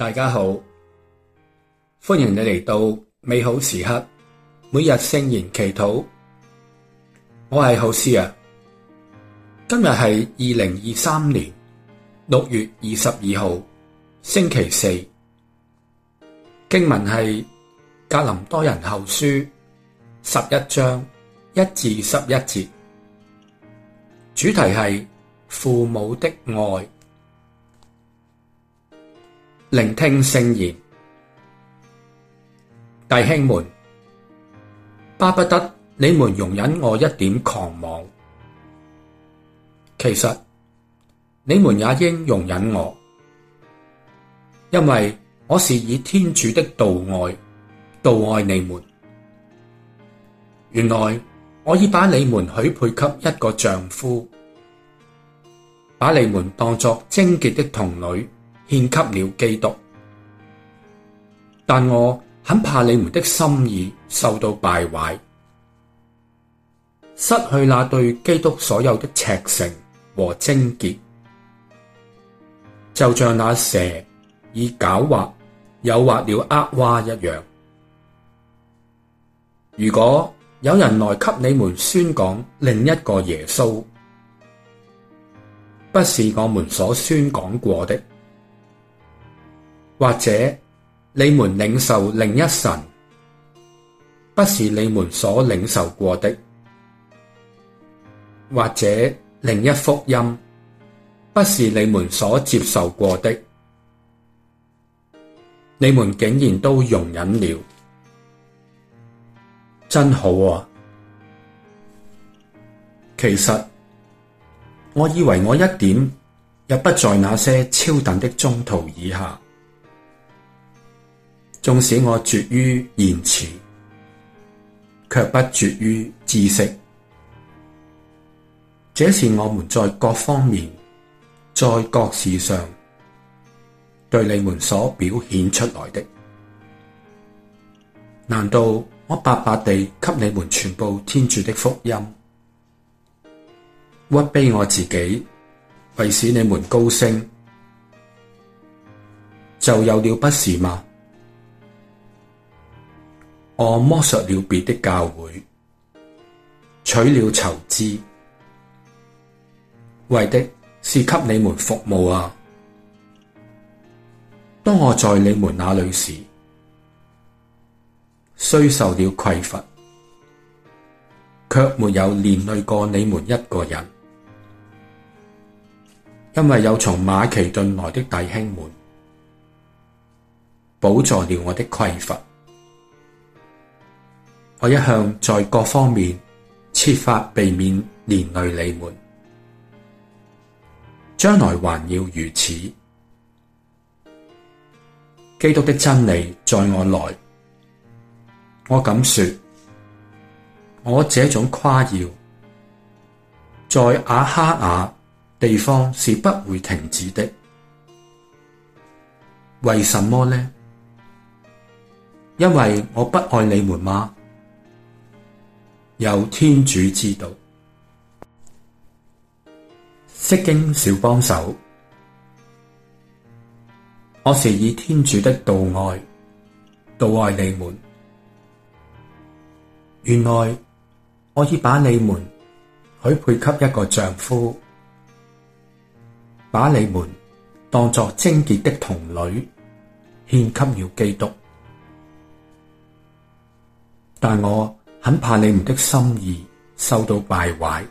大家好，歡迎你嚟到美好時刻，每日聖言祈禱。我係侯師啊，今日係二零二三年六月二十二號星期四，經文係格林多人後書十一章一至十一節，主題係父母的愛。聆聽聖言，弟兄們，巴不得你們容忍我一點狂妄。其實你們也應容忍我，因為我是以天主的妒愛，妒愛你們。原來我已把你們許配給一個丈夫，把你們當作貞潔的童女。獻給了基督，但我很怕你們的心意受到敗壞，失去那對基督所有的赤誠和貞潔，就像那蛇以狡猾誘惑了厄娃一樣。如果有人來給你們宣講另一個耶穌，不是我們所宣講過的。或者你們領受另一神，不是你們所領受過的；或者另一福音，不是你們所接受過的，你們竟然都容忍了，真好啊！其實，我以為我一點也不在那些超等的宗徒以下。縱使我拙於言詞，卻不拙於知識。這是我們在各方面、在各事上對你們所表顯出來的。難道我白白地給你們傳報天主的福音，屈卑我自己，為使你們高升，就有了不是嗎？我剝削了別的教會，取了酬資，為的是給你們服務啊！當我在你們那裡時，雖受了匱乏，卻沒有連累過你們一個人，因為有從馬其頓來的弟兄們，補助了我的匱乏。我一向在各方面設法避免連累你們，將來還要如此。基督的真理在我內，我敢說，我這種誇耀在阿哈雅地方是不會停止的。為什麼呢？因為我不愛你們嗎？有天主知道，釋經小幫手，我是以天主的妒愛，妒愛你們。原來我已把你們許配給一個丈夫，把你們當作貞潔的童女獻給了基督，但我很怕你們的心意受到敗壞，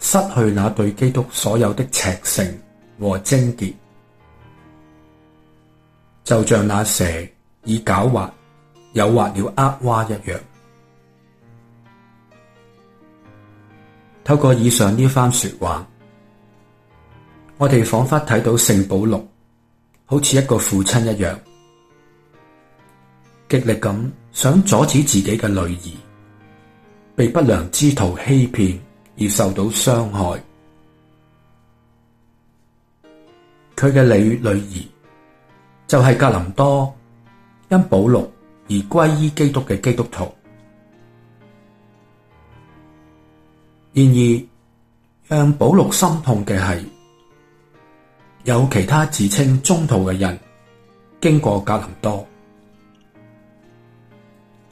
失去那對基督所有的赤誠和貞潔，就像那蛇以狡猾誘惑了厄娃一樣。透過以上呢番說話，我哋仿佛睇到聖保祿好似一個父親一樣，極力咁。想阻止自己嘅女兒被不良之徒欺騙而受到傷害，佢嘅女女兒就係格林多因保祿而歸依基督嘅基督徒。然而，讓保祿心痛嘅係有其他自稱宗徒嘅人經過格林多。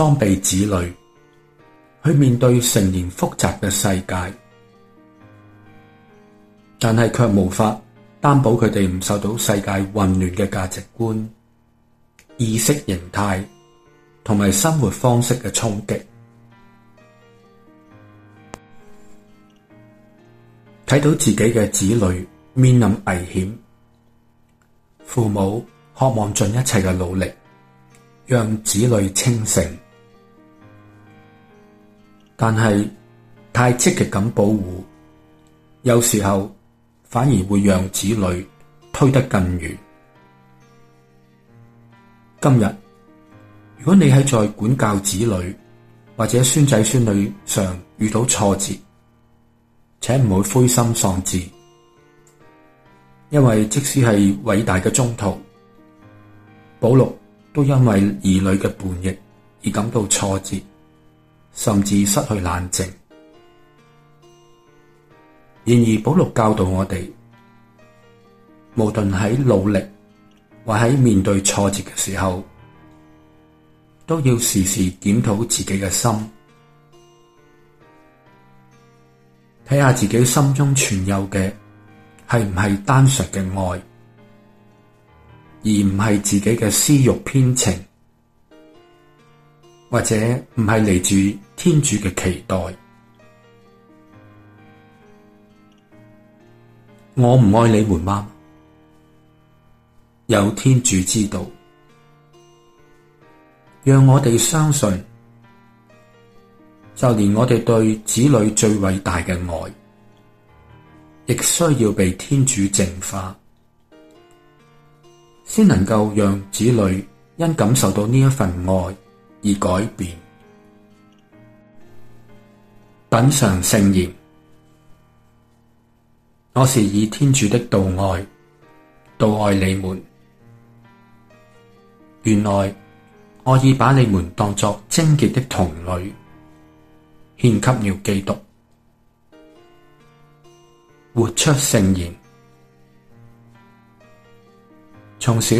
裝備子女去面對成年複雜嘅世界，但係卻無法擔保佢哋唔受到世界混亂嘅價值觀、意識形態同埋生活方式嘅衝擊。睇到自己嘅子女面臨危險，父母渴望盡一切嘅努力，讓子女清醒。但係太積極咁保護，有時候反而會讓子女推得更遠。今日，如果你喺在管教子女或者孫仔孫女上遇到挫折，請唔好灰心喪志，因為即使係偉大嘅宗徒，保祿，都因為兒女嘅叛逆而感到挫折。甚至失去冷靜。然而，保祿教導我哋，無論喺努力或喺面對挫折嘅時候，都要時時檢討自己嘅心，睇下自己心中存有嘅係唔係單純嘅愛，而唔係自己嘅私欲偏情。或者唔係嚟自天主嘅期待，我唔愛你們嗎？有天主知道！讓我哋相信，就連我哋對子女最偉大嘅愛，亦需要被天主淨化，先能夠讓子女因感受到呢一份愛，而改變，品嚐聖言。我是以天主的妒愛，妒愛你們。原來我已把你們當作貞潔的童女，獻給了基督，活出聖言。從小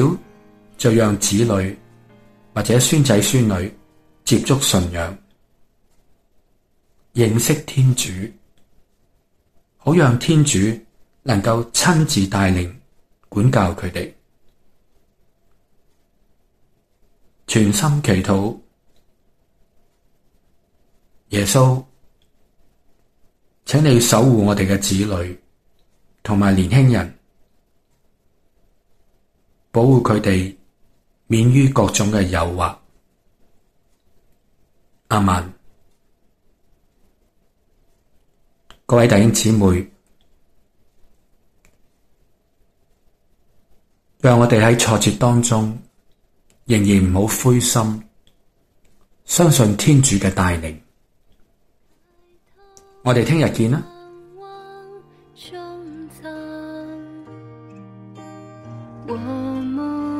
就讓子女，或者孫仔孫女接觸信仰，認識天主，好讓天主能夠親自帶領管教佢哋，全心祈禱，耶穌，請你守護我哋嘅子女同埋年輕人，保護佢哋。免於各種嘅誘惑，阿們，各位弟兄姊妹，讓我哋喺挫折當中，仍然唔好灰心，相信天主嘅帶領。我哋聽日見啦。